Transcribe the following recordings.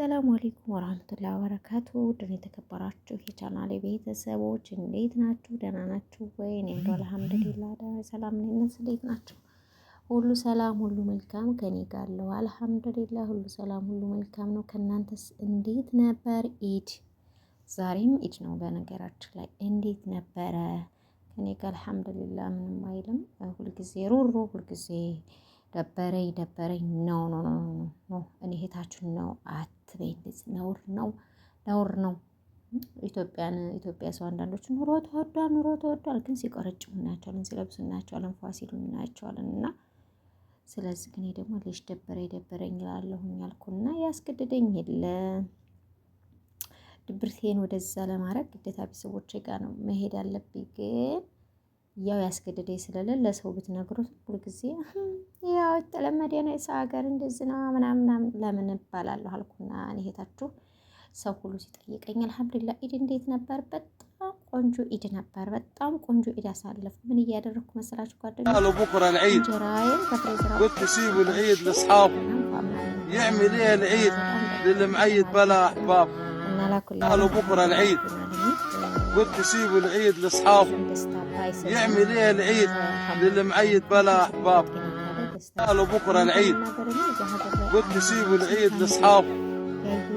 አሰላሙ አሌይኩም ወራህመቱላሂ ወበረካቱ ድን የተከበራችሁ የቻናሌ ቤተሰቦች እንዴት ናችሁ? ደህና ናችሁ ወይ? እኔ እንደው አልሐምዱሊላህ ሰላም ነኝ። እንዴት ናችሁ? ሁሉ ሰላም፣ ሁሉ መልካም ከኔ ጋር አለው። አልሐምዱሊላህ ሁሉ ሰላም፣ ሁሉ መልካም ነው። ከእናንተስ እንዴት ነበር ኢድ? ዛሬም ኢድ ነው በነገራችን ላይ እንዴት ነበረ? ከኔ ጋር አልሐምዱሊላህ ምንም አይልም። ሁልጊዜ ሩሩ ሁልጊዜ ደበረኝ ደበረኝ ነው ነው ነው ነው እኔ እህታችሁን ነው አትበይ። እንደዚህ ነውር ነው ነውር ነው። ኢትዮጵያን ኢትዮጵያ ሰው አንዳንዶች ኑሮ ተወዷል ኑሮ ተወዷል፣ ግን ሲቆረጭሙ እናያቸዋለን፣ ሲለብሱ እናያቸዋለን፣ ፏ ሲሉ እናያቸዋለን። እና ስለዚህ ግን ደግሞ ልጅ ደበረኝ ደበረኝ ይላለሁ ያልኩና ያስገድደኝ የለ ድብርቴን ወደዛ ለማድረግ ግዴታ ቤተሰቦቼ ጋር ነው መሄድ አለብኝ ግን ያው ያስገደደ ስለሌለ ለሰው ብትነግሩት ጊዜ ያው የተለመደ ነው የሰው ሀገር እንደዚህ ነው ምናምን ለምን እባላለሁ አልኩና እኔ እህታችሁ ሰው ሁሉ ሲጠይቀኝ አልሐምዱሊላህ ኢድ እንዴት ነበር? በጣም ቆንጆ ኢድ ነበር። በጣም ቆንጆ ኢድ አሳለፉ። ምን እያደረግኩ መሰላችሁ ጓደኞች? قلت سيبوا العيد لاصحابه يعمل ايه العيد للمعيد بلا احباب قالوا بكره العيد قلت سيبوا آه، آه، العيد لاصحابه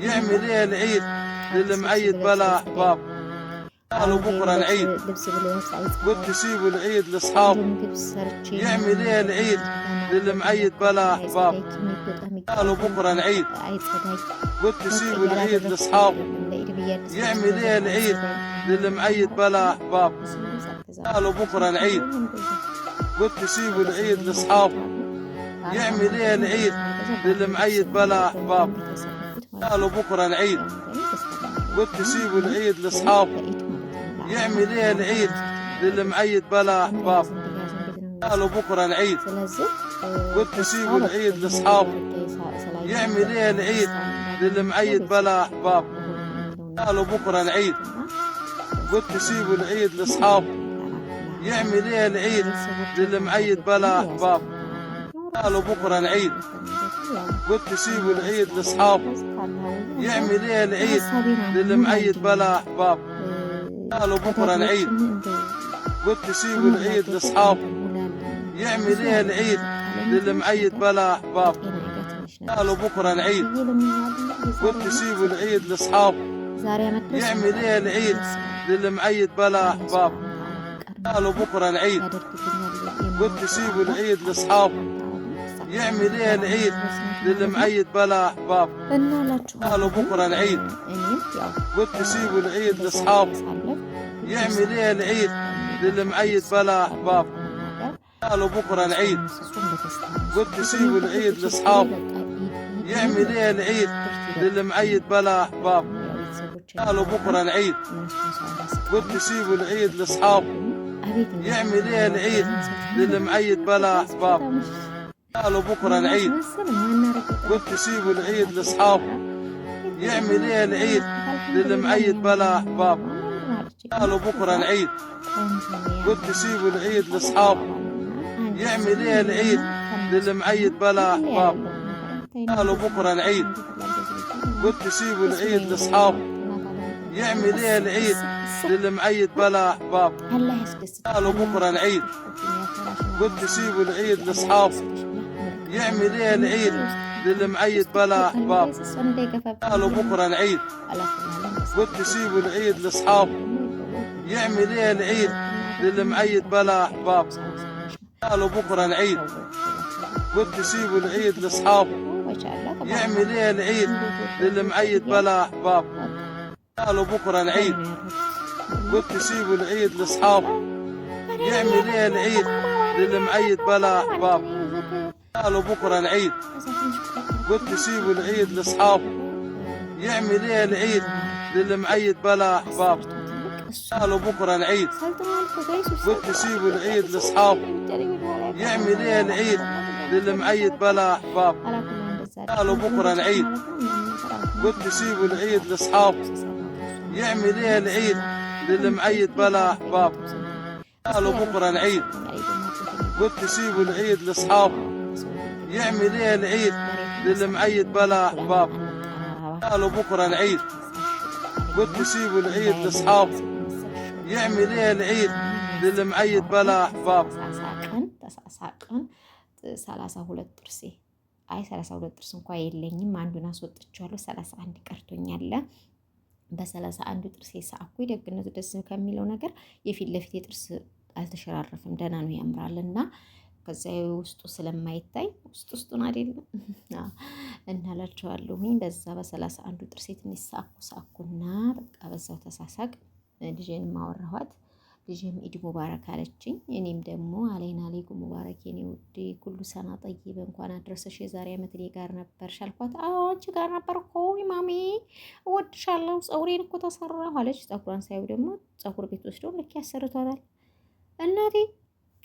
يعمل ايه العيد للمعيد بلا احباب قالوا بكره العيد قلت سيبوا العيد لاصحابه يعمل ايه العيد للمعيد بلا احباب قالوا بكره العيد قلت سيبوا العيد لاصحابه يعمل ايه العيد للمعيد بلا احباب قالوا بكره العيد قلت سيبوا العيد لاصحابه يعمل ايه العيد للمعيد بلا احباب قالوا بكره العيد قلت سيبوا العيد لاصحابه يعمل ايه العيد للمعيد بلا احباب قالوا بكره العيد قلت سيبوا العيد لاصحابه يعمل ايه العيد للمعيد بلا احباب قالوا بكره العيد قلت سيبوا العيد لاصحابه يعمل ايه العيد للمعيد بلا احباب قالوا بكره العيد قلت سيبوا العيد لاصحابه يعمل ايه العيد للمعيد بلا احباب قالوا بكره العيد قلت سيبوا العيد لاصحابه يعمل ايه العيد للمعيد بلا احباب قالوا بكره العيد قلت سيبوا العيد لاصحابه يعمل ايه العيد للمعيد بلا احباب قالوا بكره العيد قلت سيبوا العيد لاصحابه يعمل ايه العيد للمعيد بلا احباب قالوا بكره العيد قلت سيبوا العيد لاصحابه يعمل ايه العيد للمعيد بلا احباب قالوا بكره العيد قلت سيبوا العيد لاصحابه يعمل ايه العيد للمعيد بلا احباب قالوا بكره العيد قلت سيبوا العيد لاصحابه يعمل ايه العيد للي معيد بلا احباب قالوا بكره العيد قلت سيبوا العيد لاصحابه يعمل ايه العيد للي معيد بلا احباب قالوا بكره العيد قلت سيبوا العيد لاصحابه يعمل ايه العيد للي معيد بلا احباب قالوا بكره العيد قلت سيبوا العيد لاصحابه إيه يعمل ايه العيد للمعيد بلا احباب قالوا بكره العيد قلت سيبوا العيد لاصحابه يعمل ايه العيد للمعيد بلا احباب قالوا بكره العيد قلت سيبوا العيد لاصحابه يعمل ايه العيد للمعيد بلا احباب قالوا بكره العيد قلت سيبوا العيد لاصحابه يعمل ايه العيد للمعيد بلا احباب قالوا بكره العيد قلت سيبوا العيد لاصحابه يعمل ايه العيد للي معيد بلا احباب قالوا بكره العيد قلت سيبوا العيد لاصحابه يعمل ايه العيد للي معيد بلا احباب قالوا بكره العيد قلت سيبوا العيد لاصحابه يعمل ايه العيد للي معيد بلا احباب قالوا بكره العيد قلت سيبوا العيد لاصحابه يعمل لها العيد للي معيد بلا احباب قالوا بكره العيد وتسيبوا العيد لاصحابه يعمل لها العيد للي معيد بلا احباب قالوا بكره العيد وتسيبوا العيد لاصحابه يعمل لها العيد للي معيد بلا احباب ሰላሳ ሁለት ጥርሴ አይ ሰላሳ ሁለት ጥርስ እንኳ የለኝም አንዱን አስወጥቼዋለሁ። ሰላሳ አንድ ቀርቶኛል። በሰላሳ አንዱ ጥርስ የሳኩ ደግነቱ ደስ ከሚለው ነገር የፊት ለፊት የጥርስ አልተሸራረፍም፣ ደህና ነው ያምራል እና ከዚያ ውስጡ ስለማይታይ ውስጥ ውስጡን አይደለም እናላቸዋለሁኝ። በዛ በሰላሳ አንዱ ጥርሴ ትንሽ ሳኩ ሳኩና በቃ በዛው ተሳሳቅ ልጄን ማወራኋት። ልጅም ኢድ ሙባረክ አለችኝ። እኔም ደግሞ አለይና አለይኩም ሙባረክ የኔ ውድ ኩሉ ሰና ጠይብ እንኳን አድረሰሽ። የዛሬ ዓመት እኔ ጋር ነበርሽ አልኳት። አንቺ ጋር ነበር እኮ ማሜ እወድሻለሁ፣ ፀጉሬን እኮ ተሰራሁ አለች። ፀጉሯን ሳይው ደግሞ ፀጉር ቤት ወስደው ልክ ያሰርቷታል። እናቴ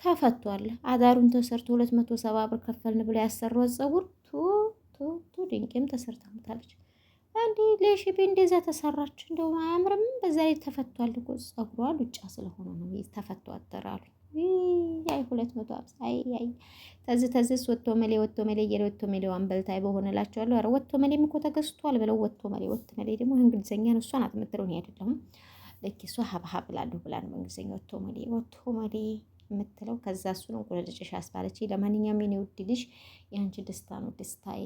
ተፈቷል። አዳሩን ተሰርቶ ሁለት መቶ ሰባ ብር ከፈልን ብላ ያሰሯት ፀጉር ቱ ቱ ቱ ድንቄም ተሰርታ አንዴ ለሽቤ እንደዛ ተሰራች፣ እንደውም አያምርም። በዛ ላይ ተፈቷል እኮ ጸጉሯ ሉጫ ስለሆነ ነው ተፈቶ አጠራሉ። አይ ሁለት መቶ አምሳ አይ አይ ተዝ ተዝስ ወጥቶ መሌ ወጥቶ መሌ የለ ወጥቶ መሌ አንበልታይ በሆነ እላቸዋለሁ። ኧረ ወጥቶ መሌም እኮ ተገዝቷል ብለው ወጥቶ መሌ ወጥቶ መሌ ደግሞ እንግሊዝኛ ነው። እሷ ናት የምትለው እኔ አይደለሁም። ልክ እሷ ሀብሀብ ብላለሁ ብላ ነው በእንግሊዝኛ ወጥቶ መሌ ወጥቶ መሌ የምትለው ከዛ እሱን እንቁለልጭሽ አስባለች። ለማንኛውም የኔ ውድ ልጅ የአንቺ ደስታ ነው ደስታዬ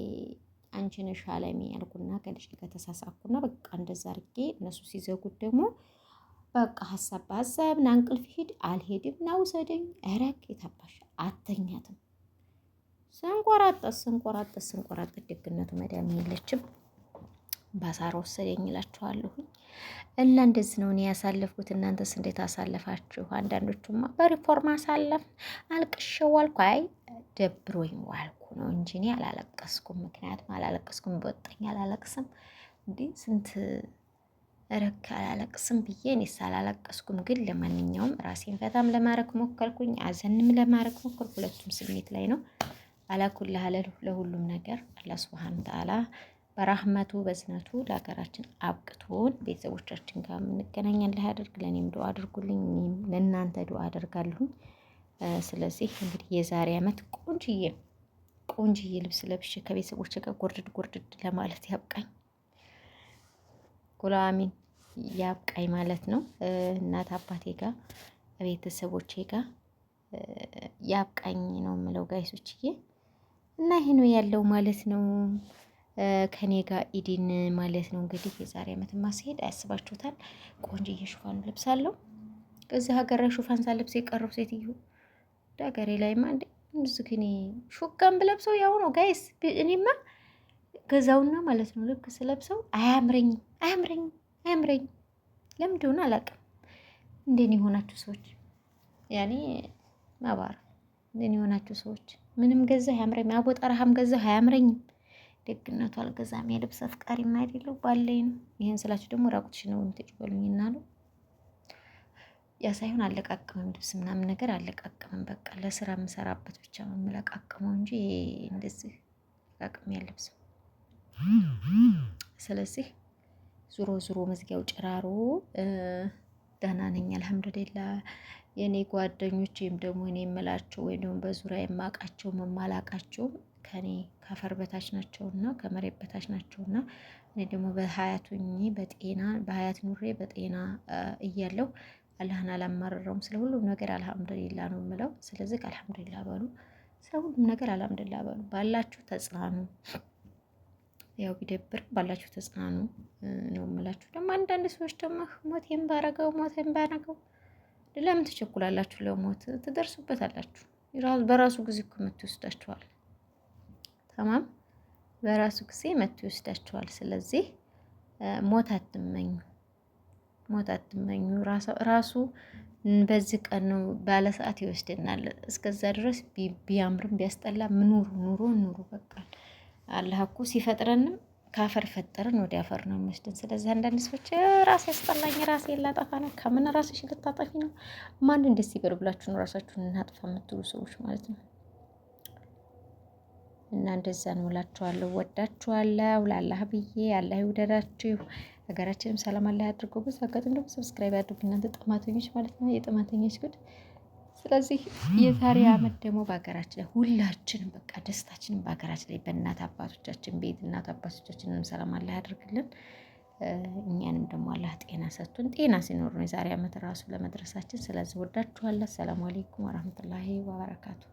አንቺን ነሽ አለሜ ያልኩና ከልጅ ጋር ተሳሳቅኩና በቃ እንደዛ አድርጌ እነሱ ሲዘጉት ደግሞ በቃ ሀሳብ በሀሳብ ና እንቅልፍ ሂድ አልሄድም ና ውሰደኝ ረግ የታባሽ አተኛትም ስንቆራጠስ ስንቆራጠስ ስንቆራጠስ ደግነቱ መዳም የለችም። ባሳር ወሰደኝ እላችኋለሁኝ። እና እንደዚህ ነው እኔ ያሳለፍኩት። እናንተስ እንዴት አሳለፋችሁ? አንዳንዶቹማ በሪፎርም አሳለፍ አልቅሸው ዋልኩ፣ አይ ደብሮኝ ዋልኩ ነው እንጂ እኔ አላለቀስኩም። ምክንያቱም አላለቀስኩም በወጣኝ አላለቅስም እንዲህ ስንት ረክ አላለቅስም ብዬ እኔስ አላለቀስኩም። ግን ለማንኛውም ራሴን ፈታም ለማድረግ ሞከርኩኝ፣ አዘንም ለማድረግ ሞከርኩ። ሁለቱም ስሜት ላይ ነው። አላኩል ለሁሉም ነገር አላ ሱብሃነ ተዓላ በራህመቱ በዝነቱ ለሀገራችን አብቅቶን ቤተሰቦቻችን ጋር የምንገናኝ ላይ ያደርግ። ለእኔም ዱዓ አድርጉልኝ፣ ለእናንተ ዱዓ አደርጋለሁኝ። ስለዚህ እንግዲህ የዛሬ ዓመት ቆንጅዬ ቆንጅዬ ልብስ ለብሼ ከቤተሰቦች ጋር ጎርድድ ጎርድድ ለማለት ያብቃኝ። ጉላሚን ያብቃኝ ማለት ነው። እናት አባቴ ጋር ቤተሰቦቼ ጋር ያብቃኝ ነው የምለው ጋይሶችዬ። እና ይሄ ነው ያለው ማለት ነው። ከኔ ጋር ኢዲን ማለት ነው እንግዲህ የዛሬ ዓመት ማስሄድ አያስባችሁታል። ቆንጅዬ ሽፋኑ ልብስ አለው። እዚህ ሀገር ላይ ሳለብስ የቀረው ሴትዮ ዳገሬ ላይ ማ ዙኪኒ ግን ብለብሰው ያው ነው ጋይስ። እኔማ ገዛውና ማለት ነው ልክ ስለብሰው አያምረኝ አያምረኝ አያምረኝ ለምን እንደሆነ አላውቅም። እንደኔ የሆናችሁ ሰዎች ያኔ ማባር እንደኔ የሆናችሁ ሰዎች ምንም ገዛ አያምረኝም። አቦ ጠረሃም ገዛ አያምረኝም። ደግነቱ አልገዛም። የልብስ አፍቃሪም አይደለሁ ባለኝ ነው። ይህን ስላችሁ ደግሞ ራቁትሽ ነው የምትጭበሉኝ እናሉ ያ ሳይሆን አለቃቅምም ልብስ ምናምን ነገር አለቃቅምም። በቃ ለስራ የምሰራበት ብቻ ነው የምለቃቅመው እንጂ እንደዚህ ለቃቅሜ አልለብስም። ስለዚህ ዙሮ ዙሮ መዝጊያው ጭራሮ ደህና ነኝ፣ አልሐምዱሊላ። የእኔ ጓደኞች ወይም ደግሞ እኔ የምላቸው ወይም ደግሞ በዙሪያ የማውቃቸው መማላቃቸውም ከኔ ከአፈር በታች ናቸውና ከመሬት በታች ናቸውና እኔ ደግሞ በሀያቱኝ በጤና በሀያት ኑሬ በጤና እያለው አላህን አላማረረውም። ስለ ሁሉም ነገር አልሐምዱሊላ ነው የምለው። ስለዚህ አልሐምዱሊላ በሉ፣ ስለ ሁሉም ነገር አልሐምዱሊላ በሉ። ባላችሁ ተጽናኑ፣ ያው ቢደብር ባላችሁ ተጽናኑ ነው የምላችሁ። ደግሞ አንዳንድ ሰዎች ደግሞ ሞቴን ባረገው ሞቴን ባረገው ለምን ትቸኩላላችሁ? ለሞት ትደርሱበታላችሁ። በራሱ ጊዜ እኮ መቶ ይወስዳችኋል። ተማም በራሱ ጊዜ መቶ ይወስዳችኋል። ስለዚህ ሞት አትመኙ። ሞት አትመኙ። ራሱ በዚህ ቀን ነው ባለ ሰዓት ይወስደናል። እስከዛ ድረስ ቢያምርም ቢያስጠላ ምኑሩ ኑሮ ኑሩ በቃል አላህ እኮ ሲፈጥረንም ከአፈር ፈጠርን ወደ አፈር ነው የሚወስድን። ስለዚህ አንዳንድ ሰዎች ራሴ ያስጠላኝ ራሴ ላጠፋ ነው ከምን ራስሽ ልታጠፊ ነው? ማን እንደስ ይበር ብላችሁ ነው ራሳችሁን እናጥፋ የምትሉ ሰዎች ማለት ነው። እና እንደዛ ነው እላችኋለሁ። ወዳችኋለሁ። ለአላህ ብዬ አላህ ይውደዳችሁ። ሀገራችንም ሰላም አላ ያድርገው። በዛ አጋጣሚ ደግሞ ሰብስክራይብ ያድርጉ እናንተ ጥማተኞች ማለት ነው፣ የጥማተኞች ጉድ። ስለዚህ የዛሬ አመት ደግሞ በሀገራችን ላይ ሁላችንም በቃ ደስታችንም በሀገራችን ላይ በእናት አባቶቻችን ቤት እናት አባቶቻችንንም ሰላም አላ ያድርግልን። እኛንም ደግሞ አላህ ጤና ሰጥቶን ጤና ሲኖር ነው የዛሬ አመት ራሱ ለመድረሳችን። ስለዚህ ወዳችኋለሁ። ሰላም አሌይኩም ወረህመቱላሂ ወበረካቱ።